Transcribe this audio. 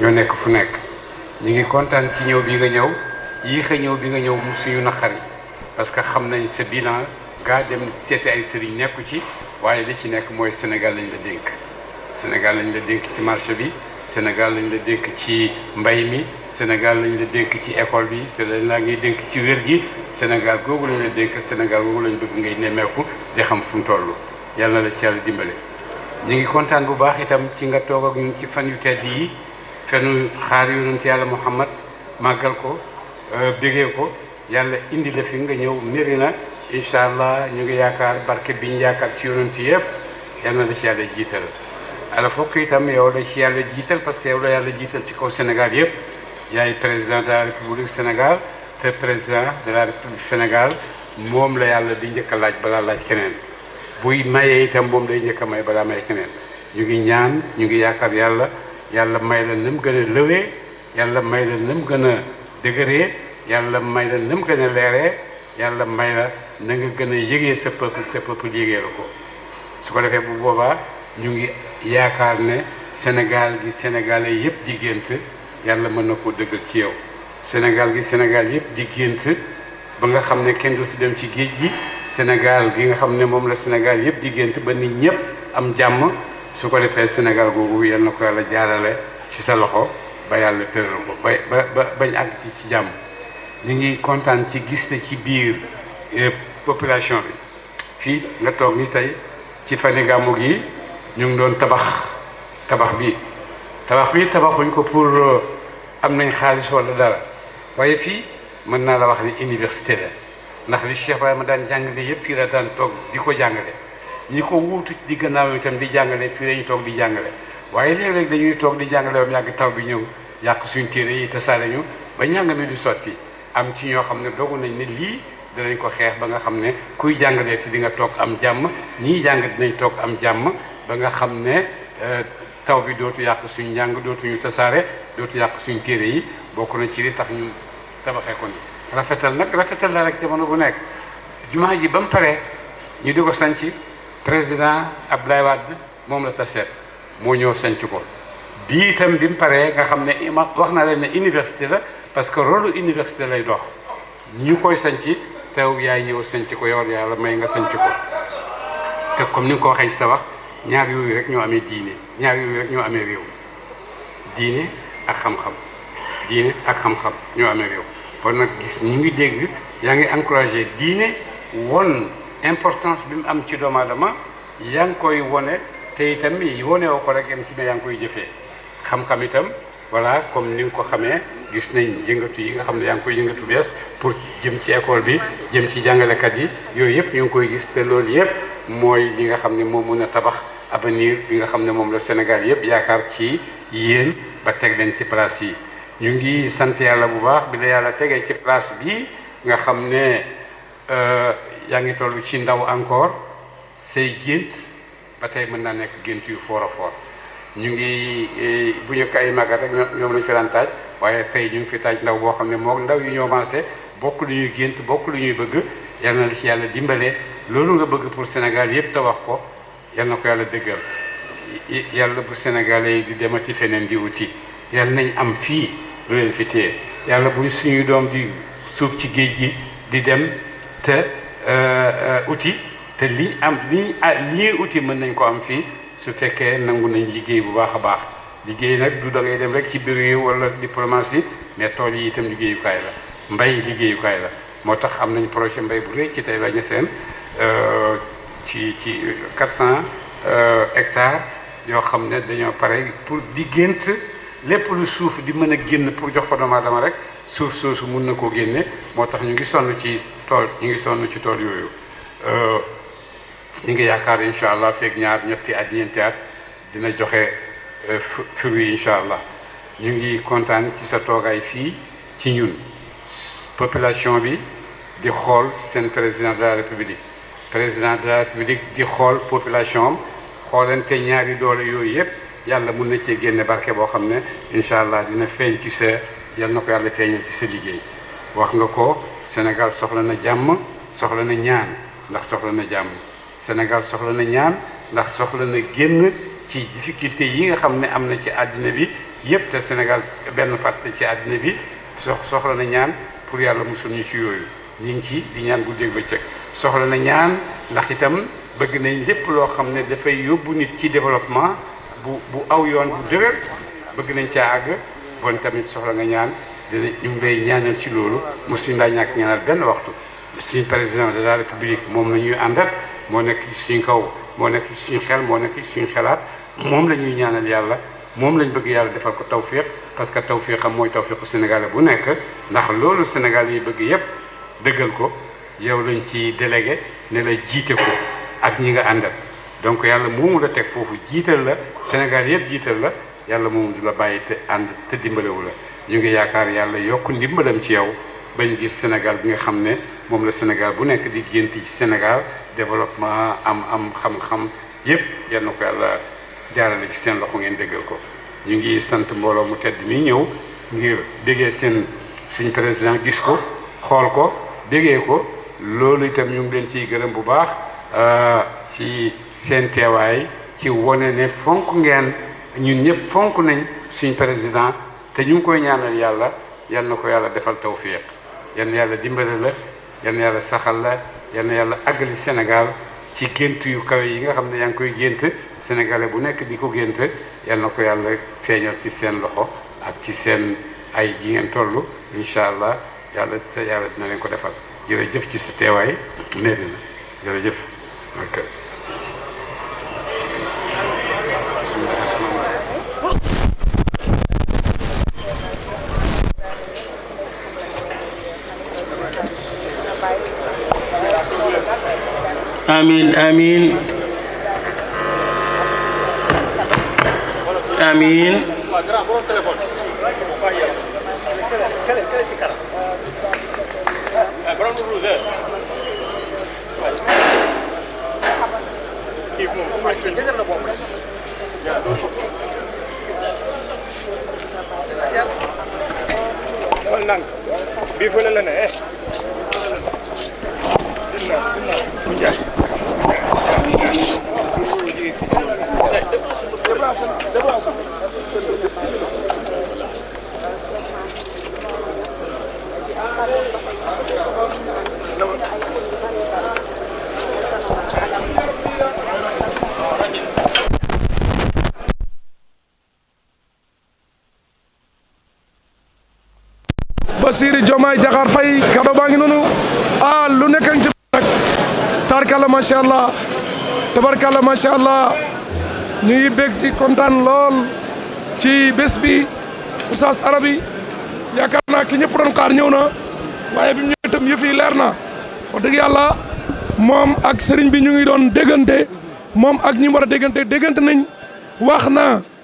ñoo nekk fu nekk ñu ngi kontaan ci ñëw bi nga ñëw yéex a ñëw bi nga ñëw mu suñu naqari parce que xam nañ sa bilan gaa dem seeti ay sëriñ nekku ci waaye li ci nekk mooy Sénégal lañ la dénk Sénégal lañ la dénk ci marché bi Sénégal lañ la dénk ci mbay mi Sénégal lañ la dénk ci école bi Sénégal laa ngay dénk ci wér gi Sénégal googu lañ la dénk Sénégal googu lañ bëgg ngay nemmeeku di xam fu mu toll yàlla la ci yàlla dimbale ñu ngi kontaan bu baax itam ci nga toog ak ci fan yu tedd yi te nu xaar yonent yàlla Muhammad màggal ko euh, bégee ko yàlla indi la fi nga ñëw niri na incha allah ñu ngi yaakaar barke bi ñu yaakaar ci yonent yëpp yal na la ci yàlla jiital ala fokk itam yow la ci yàlla jiital parce que yow la yàlla jiital ci kaw Sénégal yëpp yaay président de la république Sénégal te président de la république Sénégal moom la yàlla di njëkk a laaj balaa laaj keneen buy mayee itam moom lay njëkk may balaa may keneen ñu ngi ñaan yàlla may leen na mu gën a lëwee yàlla may leen na gën a dëgëree yàlla may la na mu gën a leeree yàlla may la na nga gën a yëgee sa peuple sa peuple yëgee la ko su ko defee bu boobaa ñu ngi yaakaar ne Sénégal gi Sénégalais yëpp di gént yàlla mën na ko dëggal ci yow Sénégal gi Sénégal yëpp di gént ba nga xam ne kenn du fi dem ci géej gi Sénégal gi nga xam ne moom la Sénégal yëpp di gént ba nit ñëpp am jàmm su ko defee Sénégal googu yal na ko yàlla jaarale ci sa loxo ba yàlla tëral ko ba ba bañ àgg ci jàmm ñu ngi kontaan ci gis ni ci biir eh, population bi fii nga toog ni tey ci fani gàmmu gi ñu ngi doon tabax tabax bii tabax bii tabaxuñ ko pour euh, am nañ xaalis wala dara waaye fii mën naa la wax ni université la ndax li Cheikh Baye ma daan jàngale yëpp fii la daan toog di ko jàngale ñi ko wuutu di gannaawam itam di jàngale fii dañuy toog di jàngale waaye léeg-léeg dañuy toog di jàngale ba yàgg taw bi ñëw yàq suñ téere yi tasaare ñu ba njàng mi du sotti am ci ñoo xam ne dogu nañ ne lii danañ ko xeex ba nga xam ne kuy jàngalee te di nga toog am jàmm ñii jàng dinañ toog am jàmm ba nga xam ne euh, taw bi dootu yàq suñ njàng dootuñu tasaare dootu yàq suñ téere yi bokk nañ ci li tax ñu tabaxee ko ni rafetal nag rafetal la rek jamono bu nekk jumaa ji ba mu paree ñu di ko sanc président Abdoulaye Wade moom la taseet moo ñëw sanc ko bii itam bi mu paree nga xam ne ima wax na leen ne université la parce que rôle université lay dox ñu koy sanc teew yaay ñëw sanc ko yow yàlla may nga sanc ko te comme ni nga ko waxee ci sa wax ñaar yooyu rek ñoo amee diine ñaar yooyu rek ñoo amee réew diine ak xam-xam diine ak xam-xam ñoo amee réew kon nag gis ñu ngi dégg yaa ngi encouragé diine won importance bi mu am ci doomu aadama yaa ngi koy wone te itam wone woo ko rek em ci ne yaa ngi koy jëfee xam-xam itam voilà comme ni nga ko xamee gis nañ yëngatu yi nga xam ne yaa ngi koy bees pour jëm ci école bi jëm ci jàngalekat yi yooyu yëpp ñu ngi koy gis te loolu yëpp mooy li nga xam ne moo mun a tabax abenir bi nga xam ne moom la Sénégal yëpp yaakaar ci yéen ba teg leen ci place yi ñu ngi sant yàlla bu baax bi la yàlla tegee ci place bi nga xam ne euh, yaa ngi toll ci ndaw encore say gént ba tey mën naa nekk gént yu foor a foor ñu ngi eh, bu kay ko rek ñoom lañu fi daan waaye tey ñu fi taaj ndaw boo xam ne moom ndaw ñoo maase bokk gént bokk lu ñuy bëgg yal na la ci yàlla dimbalee loolu nga bëgg pour Sénégal yépp te wax ko yal na ko yàlla dëggal yàlla bu Sénégalais yi di demati feneen di wuti yàlla nañ am fii lu fi téye yàlla bu suñu doom di suuf ci géej gi di dem te Euh, euh, outil te li am li ah, lii outil mën nañ ko am fii su fekkee nangu nañ liggéey bu baax a baax liggéey nag du da ngay dem rek ci bureau yi wala diplomatie mais tool yi itam liggéeyukaay la mbay liggéeyukaay la moo tax am nañ projet mbay bu rëy ci tey la ñu seen ci ci quatre 400 euh, hectares yoo xam ne dañoo pare pour di gént lépp lu suuf di mën a génn pour jox ko doomu aadama rek suuf soosu mun na koo génnee moo tax ñu ngi sonn ci. tool ñu ngi sonn ci tool yooyu euh, ñu ngi yaakaar incha allah feeg ñaar ñetti at ñeenti dina joxe euh, fruit incha allah ñu ngi kontaan ci sa toogaay fii ci ñun population bi di xool seen président de la république président de la république di xool population am xoolante ñaari doole yooyu yëpp yàlla mun na cee génne barke boo xam ne incha allah dina feeñ ci sa yal na ko yàlla feeñal ci sa liggéey. wax nga ko Sénégal soxla na jàmm soxla na ñaan ndax soxla na jàmm Sénégal soxla na ñaan ndax soxla na génn ci difficulté yi nga xam ne am na ci àddina bi yépp te Sénégal benn parti ci àddina bi sox soxla na ñaan pour yàlla musul ñu ci yooyu ñu ngi ci di ñaan guddeeg bëccëg soxla na ñaan ndax itam bëgg nañ lépp loo xam ne dafay yóbbu nit ci développement bu bu aw yoon bu dëgër bëgg nañ caa àgg bon tamit soxla nga ñaan dina ñu ngi lay ñaanal ci loolu mosuñ laa ñàkk ñaanal benn waxtu suñ président de la moom la ñuy àndal moo nekk ci suñ kaw moo nekk ci suñ xel moo nekk ci suñ xelaat moom la ñuy ñaanal yàlla moom lañ bëgg yàlla defal ko tawfiq parce que tawfiq am mooy tawfiqu sénégalais bu nekk ndax loolu sénégal yi bëgg yépp dëggal ko yow lañ ci délégué ne la jiite ko ak ñi nga àndal donc yàlla moomu la teg foofu jiital la Sénégal yépp jiital la yàlla moomu du la bàyyi te ànd te dimbalewu la ñu ngi yaakaar yàlla yokk ma dem ci yow bañ gis Sénégal bi nga xam ne moom la Sénégal bu nekk di génti ci Sénégal développement am am xam-xam yépp yal na ko yàlla jaarale ci seen loxo ngeen dëggal ko ñu ngi sant mbooloo mu tedd mi ñëw ngir déggee seen suñ président gis ko xool ko déggee ko loolu itam ñu ngi leen ciy gërëm bu baax euh, ci seen teewaay ci wone ne fonk ngeen ñun ñëpp fonk nañ suñ président te ñu ngi koy ñaanal yàlla yal na ko yàlla defal tawfiq yal na yàlla dimbale la yal na yàlla saxal la yàlla àggali Sénégal ci gént yu kawe yi nga xam ne yaa ngi koy gént sénégalais bu nekk di ko gént yal na ko yàlla feeñal ci seen loxo ak ci seen ay ji ngeen toll incha allah yàlla yàlla dina leen ko defal jëf ci sa teewaay néeri na jërëjëf ok amin amin amin bii fële la ne eh Bassirou Diomaye Diakhar Faye kado baa ngi ah, lu nekk ci nag tarkala macha allah tabarkàlla macha allah ñu ngi bég di kontaan lool ci bés bi oustaz arabi yaakaar naa ki ñëpp doon xaar ñëw na waaye bi mu ñëwee itam yëf yi leer na wax dëgg yàlla moom ak sëriñ bi ñu ngi doon déggante moom ak ñi war a déggante déggante nañ wax na